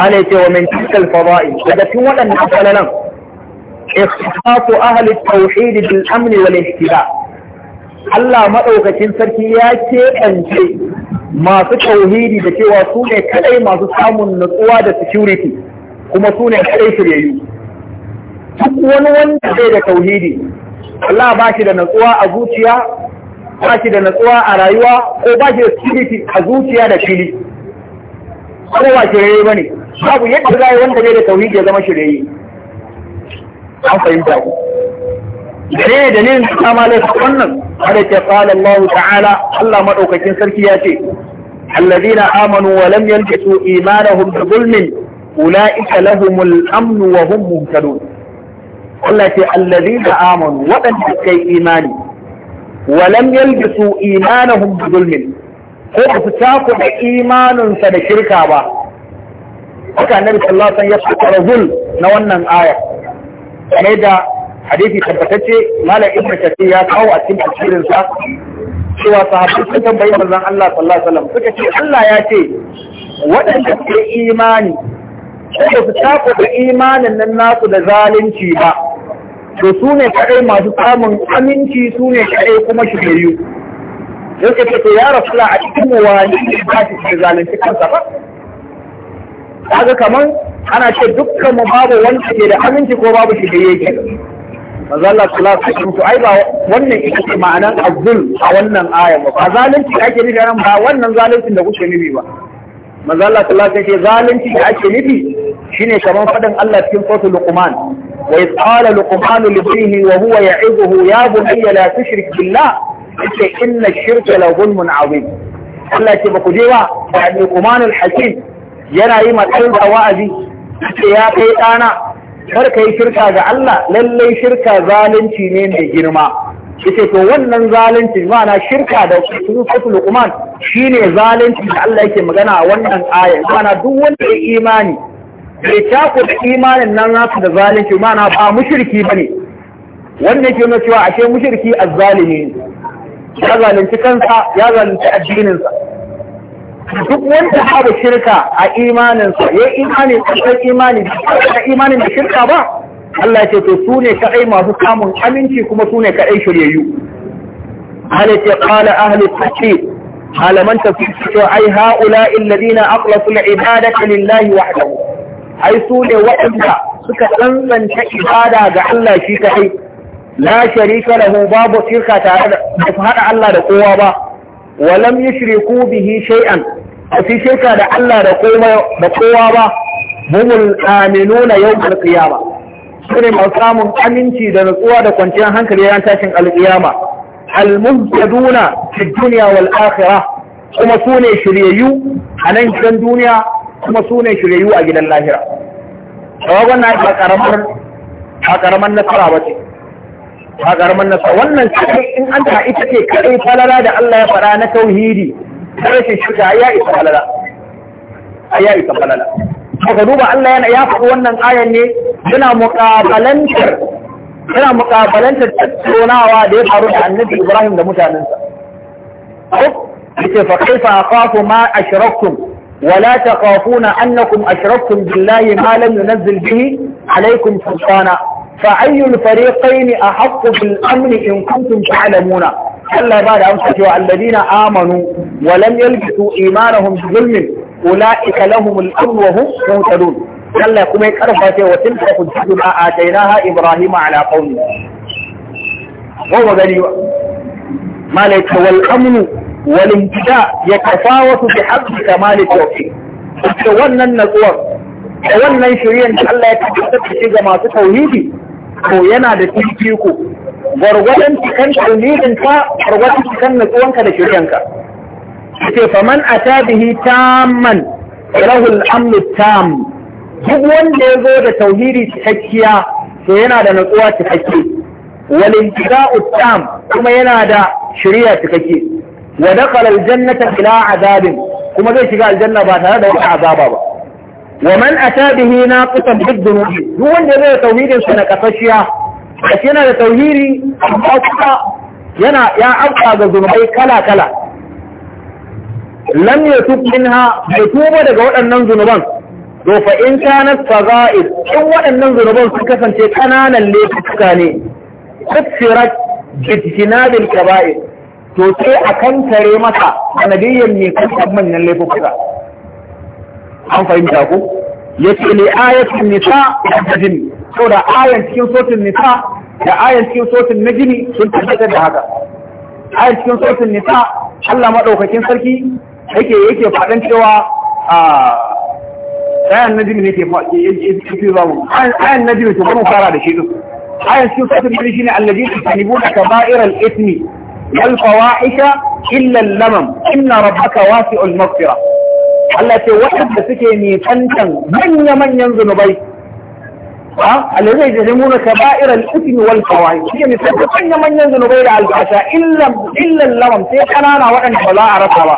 ana ce wa min tilkal fada'i daga cikin waɗannan falalan ikhtisasu ahli tauhid bil amn wal ihtida Allah madaukakin sarki ya keɓance masu tauhidi da cewa su ne kadai masu samun nutsuwa da security kuma su ne kadai shiryayyu duk wani wanda bai da tauhidi Allah ba shi da natsuwa a zuciya ba shi da natsuwa a rayuwa ko ba shi da security a zuciya da fili ko ba shirye ba ne babu yadda za a yi wanda ne da tauhidi ya zama shirye an fahimta ku ne da ne ta wannan hada ke qala Allah ta'ala Allah maɗaukacin sarki ya ce alladhina amanu wa lam su imanahum da zulmin ulaika lahumul amnu wa hum muhtadun Allah ce allazina amanu waɗanda suka yi imani walam yalbisu imanahum bi zulmin ko ba su taku da imaninsa da shirka ba haka annabi sallallahu alaihi wasallam ya fassara zul na wannan aya ne da hadisi tabbatacce malam ibnu kathir ya kawo a cikin tafsirin sa cewa sahabbai sun tambayi manzon Allah sallallahu alaihi wasallam suka ce Allah ya ce waɗanda suka yi imani ko ba su taku da imanin nan nasu da zalunci ba to su ne kaɗai masu samun aminci su ne kaɗai kuma yiwu. sai ka ce to ya rasula a cikin mu ni ne ba shi da zalunci kansa ba kaga kaman ana ce dukkan mu babu wanda ke da aminci ko babu shi da manzo Allah sallallahu alaihi wasallam to ai ba wannan ita ce ma'anar azzul a wannan aya ba ba zalunci da ake nufi nan ba wannan zaluncin da kuke nufi ba manzo Allah sallallahu alaihi wasallam ce zalunci da ake nufi shine kaman fadin Allah cikin suratul luqman وإذ قال لقمان لابنه وهو يعظه يا بني لا تشرك بالله yace inna shirka la zulmun azim Allah ce baku je ba da Luqman al-Hakim yana yi matsayin da wa'azi yace ya kai ɗana, kar ka yi shirka ga Allah Lallai shirka zalunci ne mai girma yace to wannan zaluncin ma'ana shirka da sunan Luqman shine zalunci da Allah yake magana a wannan ayar. ma'ana duk wanda ya imani bai cako da imanin nan nasu da zalunci mana ba mushriki ba ne wannan ke nuna cewa ashe mushriki a zalimi. ya zalunci kansa ya zalunci addininsa duk wanda babu shirka a imaninsa ya imani tsakar imani da imanin da shirka ba Allah ce to su ne kaɗai masu samun aminci kuma su ne kaɗai shiryayyu ce ƙala ahli tafsir malaman tafsir cewa ai ha'ula alladhina akhlasu al-ibadata lillahi wahdahu ai su ne waɗanda suka tsantsanta ibada ga Allah shi kaɗai la sharika lahu babu shirka tare da su haɗa Allah da kowa ba walam yushriku bihi shay'an a fi shirka da Allah da kowa ba humul aminuna yawmal qiyamah sune masu samun aminci da nutsuwa da kwanciyar hankali yayin tashin al almuhtaduna fi dunya wal akhirah kuma sune shiryayyu a nan gidan duniya kuma su ne shiryayyu a gidan lahira shawagon na ba karamar ba karamar nasara ba ce ba karamar nasara wannan sai in an ta ita ce kai falala da Allah ya fara na tauhidi da rashin shirka ya isa falala ya isa falala ka duba Allah yana ya faɗi wannan ayan ne Suna muƙabalantar yana muƙabalantar tattaunawa da ya faru da annabi Ibrahim da mutanensa. Duk da ke fa kaifa akhafu ma ashraktum ولا تخافون أنكم أشركتم بالله ما لم ينزل به عليكم سلطانا فأي الفريقين أحق بالأمن إن كنتم تعلمون ألا بعد أمسكوا الذين آمنوا ولم يلبسوا إيمانهم بظلم أولئك لهم الأمن وهم مهتدون ألا كما يكرفت وتلك حجتنا آتيناها إبراهيم على قومه وهو غني ما ليس والأمن والانتداء يتفاوت بحسب Wannan التوفيق فوانا النزور فوانا يشريا ان الله يتحدث في masu توحيدي ko yana da fifiko gwargwadon cikin tauhidin ka gwargwadon cikin nutsuwanka da shiryanka ce faman ata bihi tamman rahul amnu tam duk wanda ya zo da tauhidi cikakkiya to yana da nutsuwa cikakke wal intida'u kuma yana da shirya cikakke wa dakhala aljannata bila azabin kuma zai shiga aljanna ba tare da wani azaba ba wa man ata bihi naqisan bidunubi duk wanda zai tauhidin sa na kasashiya kashi yana da tauhidi amma yana ya afka ga zunubai kala kala lam yatub minha bai tuba daga waɗannan zunuban to fa in kanat fada'il in waɗannan zunuban sun kasance kananan laifuka ne kafirat bijtinabil kaba'ir to sai a kankare masa sanadiyyar mai kankan manyan laifuka an fahimta ku ya ce ne ayatun nisa da jini so da ayan cikin sotin nisa da ayan cikin sotin na gini sun tabbatar da haka ayan cikin sotin nisa Allah maɗaukakin sarki yake yake faɗin cewa a ayan na jini yake fi zamu ayan na gini to kuma fara da shi din ayan cikin sotin na shi ne allazi tusanibuna kaba'ir Ba'irar, ithmi الفواحش إلا اللمم إن ربك Allah ce waɗanda suke nisantan manya-manyan zunubai ba zai da muna kaba'ir al-ithm wal suke nisantan manya-manyan zunubai da albasha illan illan sai kanana waɗanda ba za a rasa ba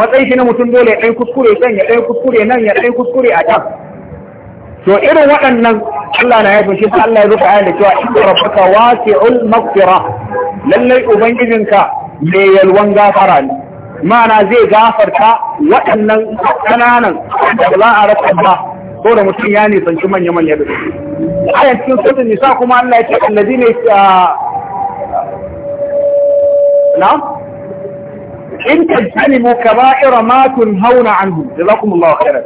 Matsayi shi na mutum dole ya ɗan kuskure can ya ɗan kuskure nan ya ɗan kuskure a can to irin waɗannan Allah na yafi shi ta Allah ya rufe ayar da cewa inda rabbaka wasi'ul maghfira lallai ubangijinka mai yalwan gafara ne mana zai gafarta waɗannan ƙananan da ba a rasa ba ko da mutum ya nisanci manya manya da su ayan cikin sura nisa kuma Allah ya ce alladina na in tajtanibu kaba'ira ma tunhauna anhu jazakumullahu khairan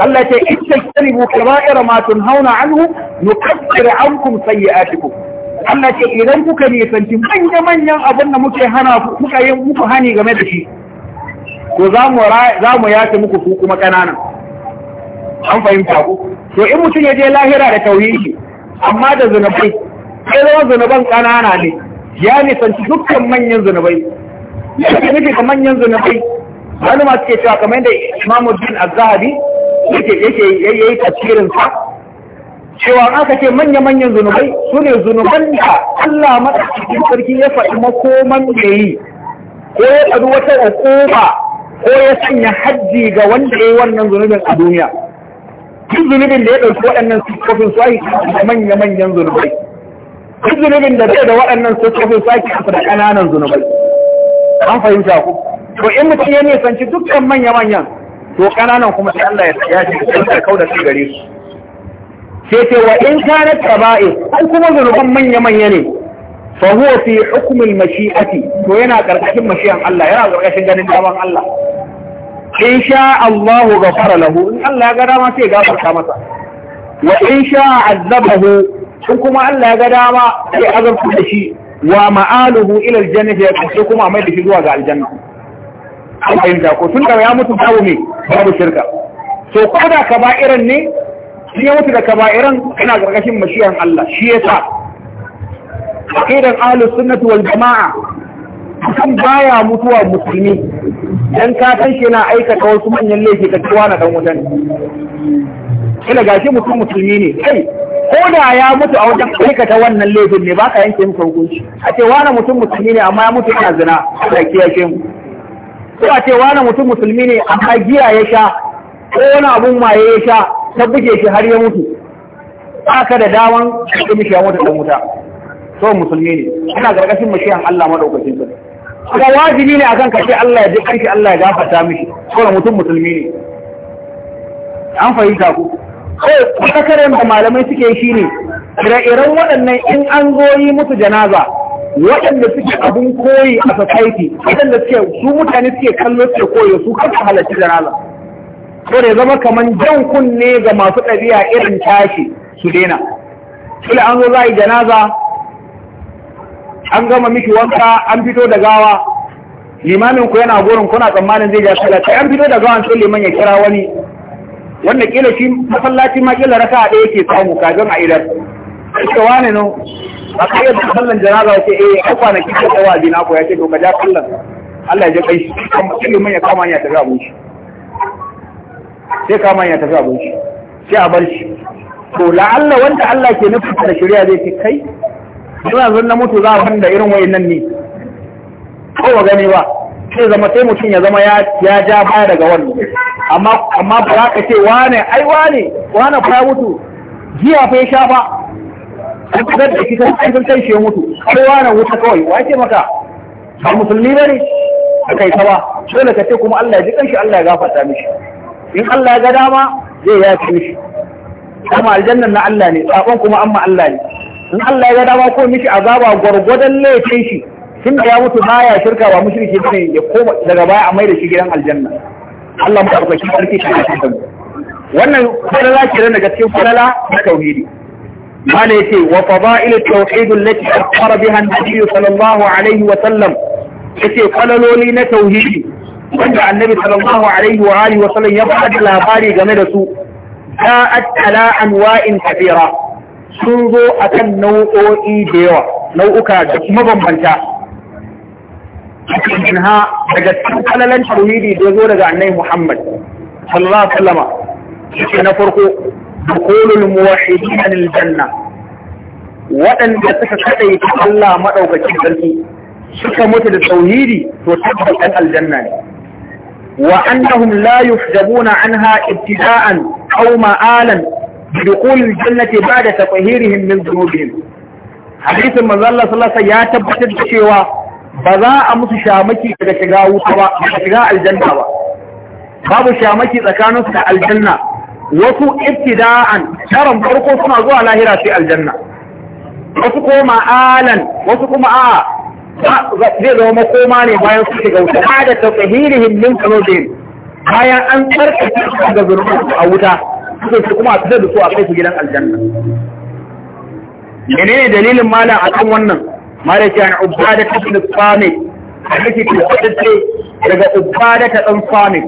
Allah ce in ta tajtanibu kaba'ira ma an anhu nukaffir ankum sayyi'atikum Allah ce idan kuka nisanci manya-manyan abin da muke hana kuka yin muku hani game da shi to za mu yace muku su kuma ƙananan an fahimta ku to in mutum ya je lahira da tauhidi amma da zunubai sai zama zunuban ƙanana ne ya nisanci dukkan manyan zunubai ya nufi ga manyan zunubai wani masu ke cewa kamar yadda imamu din az-zahabi yake yake yayi tafsirin sa cewa aka ce manya-manyan zunubai su ne zunuban da Allah maɗaukakin sarki ya faɗi makoman da yi ko ya faɗi wata hukuma ko ya sanya hajji ga wanda ya yi wannan zunubin a duniya duk zunubin da ya ɗauki waɗannan siffofin su ake da manya-manyan zunubai duk zunubin da zai da waɗannan siffofin su ake da ƙananan zunubai an fahimta ku to in mutum ya nisanci dukkan manya-manyan to kananan kuma sai Allah ya ya ji da kauda su gare su sai ce wa in kanat kaba'i an kuma zunuban manya manya ne fa huwa fi hukmil mashi'ati to yana karkashin mashi'an Allah yana karkashin ganin daman Allah in sha Allah ghafara lahu in Allah ya ga dama sai gafarta masa wa in sha azabahu in kuma Allah ya ga dama sai azabta da shi wa ma'aluhu ila aljanna ya kace kuma mai da shi zuwa ga aljanna an fahimta ko tun da ya mutu babu ne babu shirka so ko da kaba'iran ne shi ya mutu da kaba'iran ina gargashin mashiyan Allah shi ya sa aqidan ahlus sunnati wal jama'a kan baya mutuwa musulmi dan ka san shi na aikata wasu manyan laifi ta cewa na dan wutan kila gashi mutum musulmi ne kai ko da ya mutu a wajen aikata wannan laifin ne ba ka yanke musu hukunci a ce wani mutum musulmi ne amma ya mutu yana zina da kiyashe mu ko a ce wani mutum musulmi ne a giya ya sha ko wani abun maye ya sha ta buke shi har ya mutu aka da daman ka mishi ya mutu dan wuta so musulmi ne ina gargashin mashiyan Allah madaukakin sa kuma wajibi ne akan kashe Allah ya ji kanki Allah ya gafarta mishi ko mutum musulmi ne an fahimta ku ko karen da malamai suke shi ne ire-iren waɗannan in an goyi musu janaza waɗanda suke abun koyi a society waɗanda suke su mutane suke kallo suke koyo su kan halarci janaza ko da zama kaman jan kunne ga masu ɗabi'a irin tashi su daina kila an zo za a yi janaza an gama miki wanka an fito da gawa limamin ku yana gurin kuna tsammanin zai ja sala sai an fito da gawa sai liman ya kira wani wanda kila shi masallaci ma kila raka ɗaya yake samu kafin a idar kake wane no a kai da sallan janaza ce eh ai kwanaki ka tsawa bi na ko ya ce to ka ja sallan Allah ya kai shi kuma ilimin ya kama ya tafi abun shi sai kama ya tafi abun shi sai a bar shi to Allah, wanda Allah ke nufin da shari'a zai ce kai ina zan na mutu za a fanda irin wayannan ne ko ba gani ba sai zama sai mutum ya zama ya ja baya daga wannan amma amma ba za ka ce wane ai wane wane fa mutu jiya fa ya sha ba an fitar da shi ta cikin kai shi ya mutu kowa na wuta kawai wa ce maka ba musulmi ba ne a kai ta ba dole ka ce kuma Allah ya ji kanshi Allah ya gafarta mishi in Allah ya ga dama zai yafi mishi kuma aljanna na Allah ne sakon kuma amma Allah ne in Allah ya ga dama ko mishi azaba gwargwadon laifin shi tun da ya mutu baya shirka ba mushriki ne ya koma daga baya a mai da shi gidan aljanna Allah mu ɗaukaki sarki shi ne wannan falala ce daga cikin falala na tauhidi mana yace wa fada'il at-tauhid allati akhbara biha an-nabi sallallahu alaihi wa sallam yace falaloli na tauhidi wanda annabi sallallahu alaihi wa alihi wa sallam ya bada labari game da su ta'at ala anwa'in kathira sun zo akan nau'o'i da yawa nau'uka da mabambanta cikin ha daga cikin falalan tauhidi da zo daga annabi Muhammad sallallahu alaihi wa sallama na farko dukulul muwahhidin lil janna waɗanda suka kadai ta Allah madaukakin sarki suka mutu da tauhidi to tabbatan aljanna ne wa annahum la yufjabuna anha ibtida'an aw ma'alan بدخول الجنة بعد تطهيرهم من ذنوبهم حديث manzo Allah sallallahu alaihi ya tabbatar da cewa ba za a musu shamaki daga shiga wuta ba babu shamaki tsakaninsu da aljanna wasu ibtida'an sharan farko suna zuwa lahira sai aljanna wasu koma alan, wasu kuma a zai zama koma ne bayan su shiga wuta ba da tafahirihim min kanobin bayan an tsarkake su daga zurfin a wuta suke su kuma a fitar da su a kai su gidan aljanna menene dalilin malam kan wannan malam ya ce ubada ta fi da sami a kake ke daga ubba da ta ɗan sami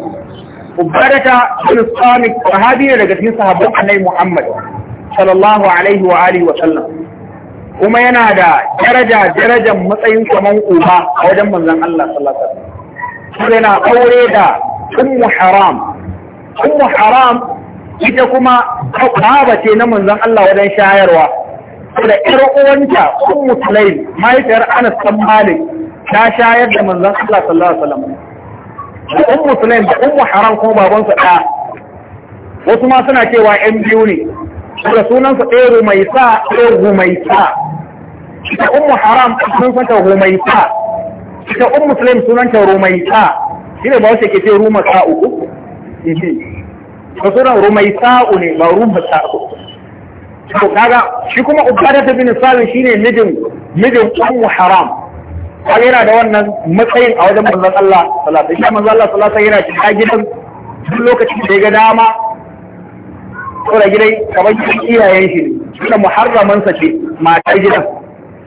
ubadata bin samit sahabi ne daga cikin sahabban Muhammad sallallahu alaihi wa alihi wa sallam kuma yana da daraja darajar matsayin saman uba a wajen manzon Allah sallallahu alaihi wa aure da ummu haram haram ita kuma baba ce na manzon Allah wajen shayarwa da ƴar uwanta ummu mahaifiyar Anas bin Malik ta shayar da manzon Allah sallallahu alaihi wa sallam da ɗan musulun da ummu ko kuma babansu ɗaya wasu ma suna cewa yan biyu ne da sunansa ɗaya rumaisa ɗaya rumaisa ita ɗan haram sun santa rumaisa ita ummu sulaim sunanta rumaisa shi ne ba wasu ke ce ruma sa uku da sunan rumaisa ne ba ruma sa uku to kaga shi kuma ubada ta bin salim shine mijin mijin ummu haram kaga yana da wannan matsayin a wajen manzon Allah sallallahu alaihi wasallam manzon Allah sallallahu alaihi wasallam yana shiga gidan duk lokacin da ya ga dama ko da gidai kamar gidan iyayen shi ne muharraman sa ce matar gidan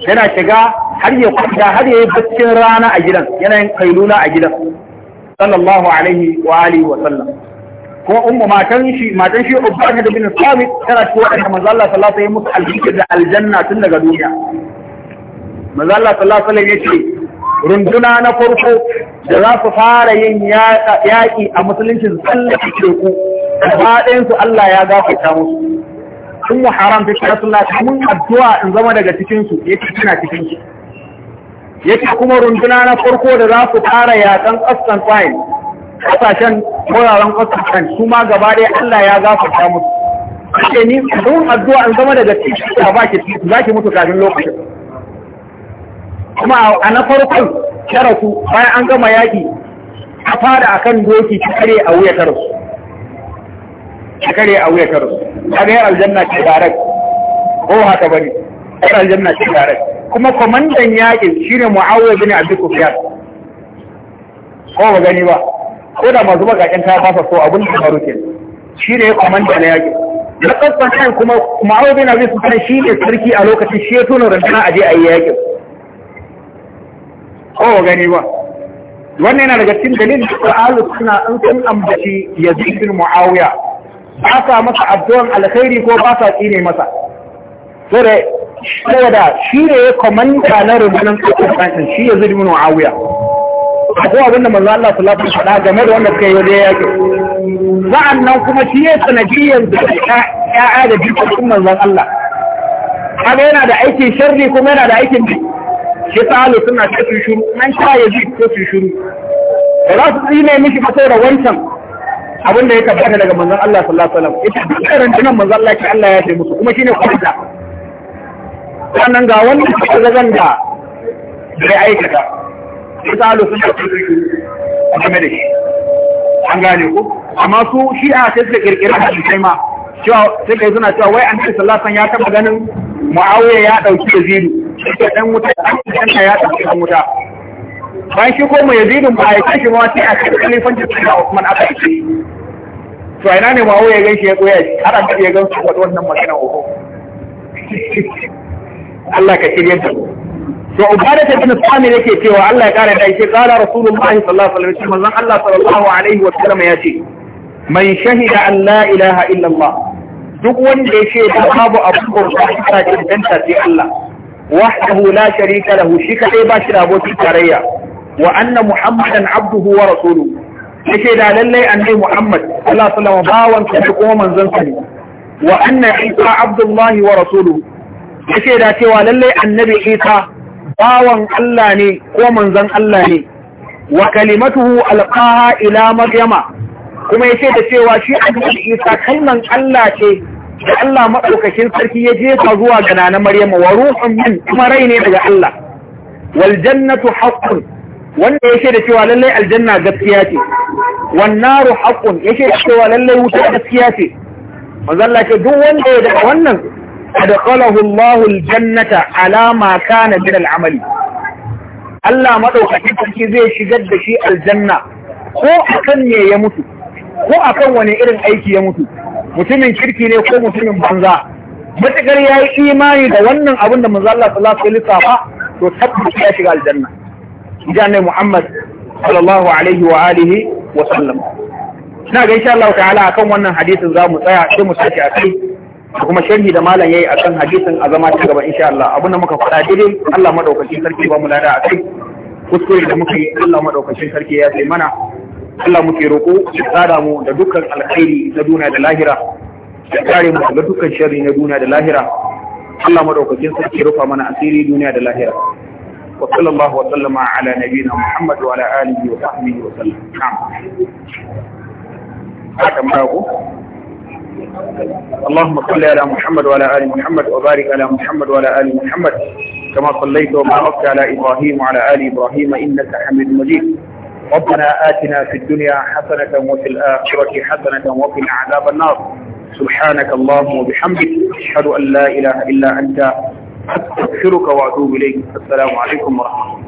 yana shiga har ya kwanta har ya yi baccin rana a gidan yana yin kailula a gidan sallallahu alaihi wa alihi wa sallam kuma ummu matan shi matan shi Ubba bin Sabit tana cikin waɗanda manzo Allah sallallahu alaihi wasallam ya musu albishir da aljanna tun daga duniya manzo Allah sallallahu alaihi wasallam yace runduna na farko da za su fara yin yaƙi a musulunci tsallake teku ba ɗayan su Allah ya gafarta musu sun mu haram ta kira sun mun addu'a in zama daga cikin su yace kina cikin shi yace kuma runduna na farko da za su fara yaƙan Constantine kasashen wuraren Constantine su ma gaba ɗaya Allah ya gafarta musu Ake ni, don addu'a in zama daga cikin su ba ki mutu kafin lokacin. kuma a na farkon sharafu bayan an gama yaƙi a fada kan doki ta kare a wuya karasu ta kare a wuya rasu. ta ga aljanna ce darek. ko haka bane ta aljanna ce darek. kuma kwamandan yaƙin shine mu'awiyah a duk sufyan ko ba gani ba ko da masu bakakin ta fasa so abin da faru ke shi ne kwamanda na yaƙi na kasan kuma mu'awiyah bin abi kan shi ne sarki a lokacin shi ya tona rundunar aje a yi yaƙin ko gani ba wannan yana daga cikin dalilin da alu suna an san ambaci yazid bin muawiya ba sa masa addu'an alkhairi ko ba sa tsine masa saboda saboda shi ne ya komanta na rundunar tsakanin shi yazid bin muawiya akwai abin da manzo Allah sallallahu alaihi wasallam game da wannan kai yau yake za'an nan kuma shi ya sanadiyyar da ya'a da jikin manzon Allah kaga yana da aikin sharri kuma yana da aikin shi ta suna ce su shuru nan sha ya ji ko su shuru ba za su tsine mishi ba saboda wancan abin da ya tabbata daga manzon Allah sallallahu alaihi wasallam ita dukkan tunan manzon Allah ki Allah ya ce musu kuma shine kwanta sannan ga wannan zagan da bai aikata shi ta suna ce su shuru a game da shi an gane ku amma su shi shi'a sai suka kirkira hadisai ma cewa sai kai suna cewa wai an ce sallallahu alaihi wasallam ya taba ganin Muawiya ya dauki Yazidu da ɗan wuta da ya tafi ɗan wuta bayan shi ko mai yazidin ba ya kashi ma sai a kai kalifanci da Usman aka yi to ina ne mawo ya gaishe ya koya har an ya gan su wadda wannan magana uku Allah ka shirye ta to ubada ta bin sami yake cewa Allah ya ƙara da yake qala rasulullahi sallallahu alaihi wasallam manzon Allah sallallahu alaihi wasallam ya ce man shahida an la ilaha illallah duk wanda ya ce babu abu kurba ta danta sai Allah wahdahu la sharika lahu shi kadai ba shi da abokin tarayya wa anna muhammadan abduhu wa rasuluhu yake da lallai annai muhammad sallallahu alaihi wasallam bawan sa kuma manzon sa ne wa anna isa abdullahi wa rasuluhu yake da cewa lallai annabi isa bawan Allah ne ko manzon Allah ne wa kalimatuhu alqaha ila maryama kuma yake da cewa shi annabi isa kalman Allah ce da Allah maɗaukakin sarki ya jefa zuwa ga nana Maryam wa ruhun min kuma rai ne daga Allah wal jannatu haqqun wanda yake da cewa lallai aljanna gaskiya ce wan naru haqqun yake da cewa lallai wuta gaskiya ce manzo Allah ce duk wanda ya daga wannan adqalahu Allahu aljannata ala ma kana min al'amali Allah maɗaukakin sarki zai shigar da shi aljanna ko akan me ya mutu ko akan wani irin aiki ya mutu mutumin kirki ne ko mutumin banza matukar ya yi imani da wannan abin da manzo Allah sallallahu alaihi wasallam to tabbata ya shiga aljanna inji Muhammad sallallahu alaihi wa alihi wa sallam ina ga insha Allah ta'ala akan wannan hadisin za mu tsaya sai mu sake a kai kuma sharhi da malam yayi akan hadisin a zama ta gaba insha Allah abin da muka faɗa daidai Allah madaukakin sarki ba mu lada a kai kuskure da muka yi Allah madaukakin sarki ya sai mana Allah muke roƙo ya tsara mu da dukkan alkhairi na duniya da lahira ya kare mu daga dukkan sharri na duniya da lahira Allah madaukakin sarki rufa mana asiri duniya da lahira wa sallallahu wa sallama ala nabiyina Muhammad wa ala alihi wa sahbihi wa sallam haka mako اللهم صل على محمد وعلى آل محمد وبارك على محمد وعلى آل محمد كما صليت وباركت على إبراهيم وعلى آل إبراهيم إنك حميد مجيد ربنا آتنا في الدنيا حسنة وفي الآخرة حسنة وقنا عذاب النار سبحانك اللهم وبحمدك أشهد أن لا إله إلا أنت أستغفرك وأتوب إليك السلام عليكم ورحمة الله